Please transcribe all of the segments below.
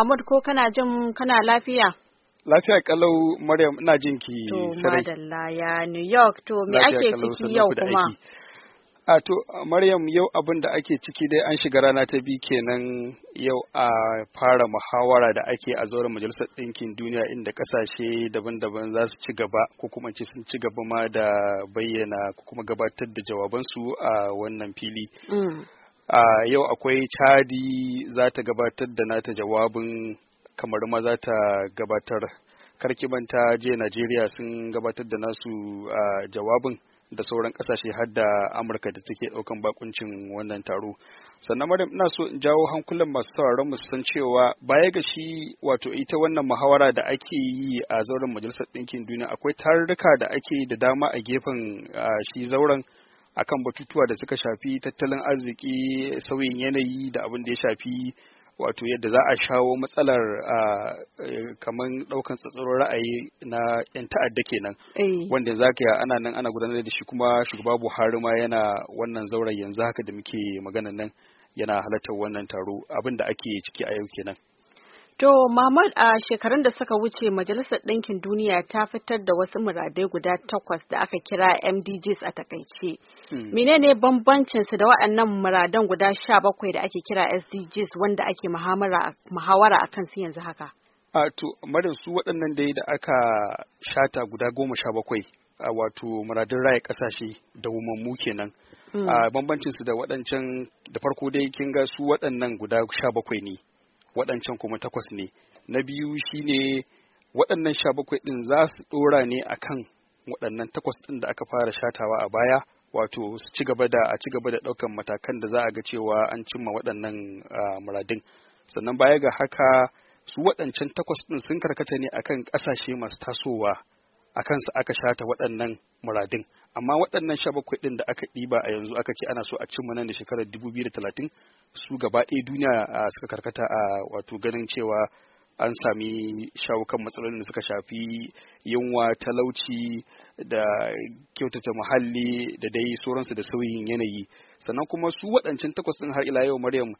Ahmad ko kana jin kana lafiya? Lafiya kalau Maryam ina jin ki sarai. To madalla ya New York to me ake ciki yau kuma? A ah, to Maryam yau abin da ake ciki dai an shiga rana ta biyu kenan yau a fara muhawara da ake a zauren majalisar ɗinkin duniya inda ƙasashe daban-daban za su ci gaba ko kuma ce sun ci gaba ma da bayyana ko kuma gabatar da jawabansu a wannan fili. Mm. a yau akwai chadi za ta gabatar da nata jawabin kamar ma za ta gabatar karkimanta je najeriya sun gabatar da nasu jawabin da sauran kasashe har da amurka da take daukan bakuncin wannan taro sannan Maryam ina so in jawo hankulan masu sauraron mu san cewa baya ga shi wato ita wannan muhawara da ake yi a zauren majalisar ɗinkin duniya akwai tarurruka da ake da dama a gefen shi zauren akan batutuwa da suka shafi tattalin arziki sauyin yanayi da abin da ya shafi wato yadda za a shawo matsalar e, kamar ɗaukan tsatsurin ra'ayi na 'yan ta'adda kenan eh. wanda za ka ana nan ana gudanar da shi kuma shugaba buhari ma yana wannan zauren yanzu haka da muke magana nan yana halartar wannan taro abin da ake ciki a yau kenan To Mahmud a shekarun da suka wuce Majalisar Ɗinkin Duniya ta fitar da wasu muradai guda takwas da aka kira MDGs a takaice. Hmm. Menene bambancin su da waɗannan muradan guda sha bakwai da ake kira SDGs wanda ake muhawara a kan su yanzu haka? A to, madan su waɗannan dai da aka shata guda goma sha bakwai a wato muradun raya ƙasashe da umarmu kenan. Hmm. A bambancin su da waɗancan da farko dai kin ga su waɗannan guda sha bakwai ne. waɗancan kuma takwas ne na biyu shine waɗannan sha bakwai ɗin za su ɗora ne a kan waɗannan takwas ɗin da aka fara shatawa a baya wato su ci gaba da a ci gaba da ɗaukan matakan da za a ga cewa an cimma waɗannan muradin sannan baya ga haka su waɗancan takwas ɗin sun karkata ne akan ƙasashe masu tasowa a kansa aka shata waɗannan muradin amma waɗannan sha bakwai ɗin da aka ɗiba a yanzu aka ce ana so a cimma nan da shekarar dubu biyu da talatin su gaba ɗaya duniya suka karkata a wato ganin cewa an sami shawukan matsalolin da suka shafi yunwa talauci da kyautata muhalli da dai sauransu da sauyin yanayi sannan kuma su waɗancan takwas ɗin har ila yau maryam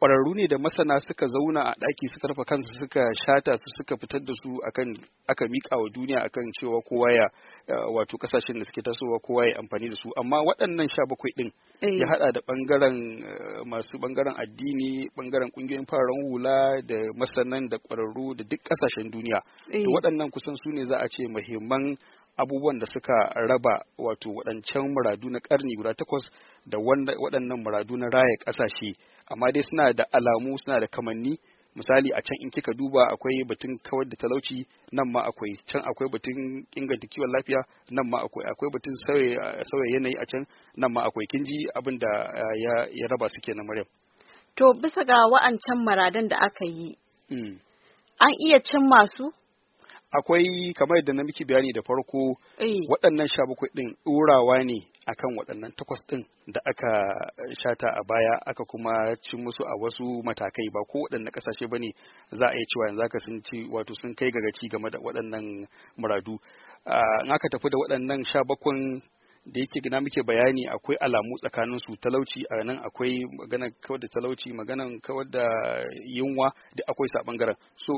Kwararru ne da masana suka zauna a ɗaki suka rufe kansu suka shata su suka fitar da su akan aka miƙa wa duniya akan cewa kowa ya eh, wato kasashen da suke tasowa kowa ya amfani da su amma waɗannan sha bakwai ɗin ya eh. haɗa da ɓangaren eh, masu ɓangaren addini ɓangaren ƙungiyoyin fararen hula da masanan da kwararru da duk ƙasashen duniya to waɗannan kusan su ne za a ce muhimman abubuwan da suka raba wato waɗancan muradu na ƙarni guda takwas da waɗannan muradu na raya ƙasashe amma dai suna da alamu suna da kamanni misali a can in kika duba akwai batun kawar da talauci nan ma akwai can akwai batun inganta kiwon lafiya nan ma akwai akwai batun sauya yanayi a can nan ma akwai kinji abin da eh, ya raba su kenan Maryam to bisa ga wa'ancan maradan da aka yi mm. an iya cin masu akwai kamar yadda na miki bayani da farko eh. waɗannan sha bakwai ɗin ɗorawa ne akan waɗannan takwas ɗin da aka eh, shata a baya aka kuma ci musu a wasu matakai ba ko waɗannan ƙasashe ba ne za a yi cewa yanzu aka sun ci wato sun kai gagaci game da waɗannan muradu ah, in aka tafi da waɗannan sha bakwai da yake gina muke bayani akwai alamu tsakanin su talauci a nan akwai magana kawar da talauci magana kawar da yunwa da akwai sa bangaren so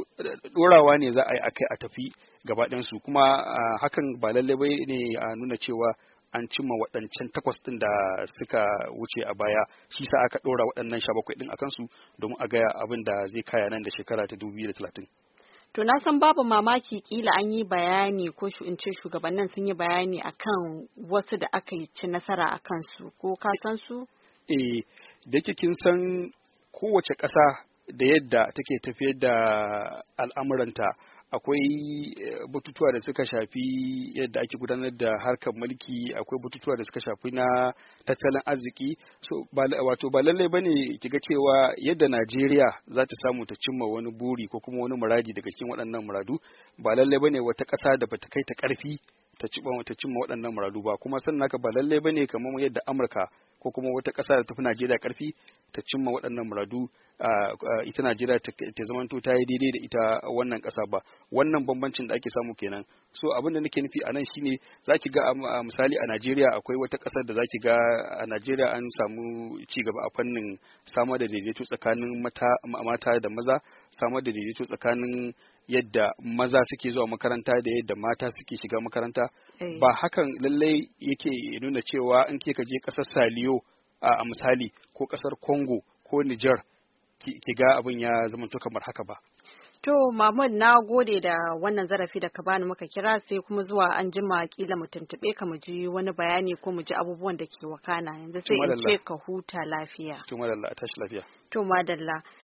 dorawa ne za a yi akai a tafi gaba su kuma hakan ba lalle bai ne a nuna cewa an cimma waɗancan takwas ɗin da suka wuce a baya shi sa aka ɗora waɗannan sha bakwai ɗin a kansu domin a gaya abin da zai kaya nan da shekara ta dubu biyu da talatin. To na san babu mamaki kila an yi bayani ko in ce shugabannin sun yi bayani akan wasu da aka ci nasara a kansu ko ka san su? Eh, da yake kin san kowace ƙasa da yadda take tafiyar da al'amuranta akwai eh, batutuwa da suka shafi yadda ake gudanar da harkar mulki akwai batutuwa da suka shafi na tattalin arziki so wato ba lallai bane kiga cewa yadda Najeriya za ta samu ta cimma wani buri ko kuma wani muradi daga cikin waɗannan muradu ba lallai bane wata ƙasa da bata kai ta ƙarfi ta cimma ta cimma waɗannan muradu ba kuma sannan haka ba lallai bane kamar yadda Amurka ko kuma wata ƙasa da tafi Najeriya ƙarfi ta cimma waɗannan muradu ita Najeriya ta zamanto ta yi daidai da ita wannan ƙasa ba wannan bambancin da ake samu kenan so abin da nake nufi a nan shine zaki ga misali a Najeriya akwai wata ƙasar da zaki ga a Najeriya an samu ci gaba a fannin samar da daidaito tsakanin mata da maza samar da daidaito tsakanin yadda maza suke zuwa makaranta da yadda mata suke shiga makaranta eh. ba hakan lallai yake nuna cewa in ke ka je ƙasar Saliyo a misali ko kasar Congo ko Niger ki ga abin ya zama to kamar haka ba. To Mahmud na gode da wannan zarafi da ka bani muka kira sai kuma zuwa an jima kila mu tuntube ka mu ji wani bayani ko mu ji abubuwan da ke wakana yanzu sai in ce ka huta lafiya. To madalla tashi lafiya. To madalla.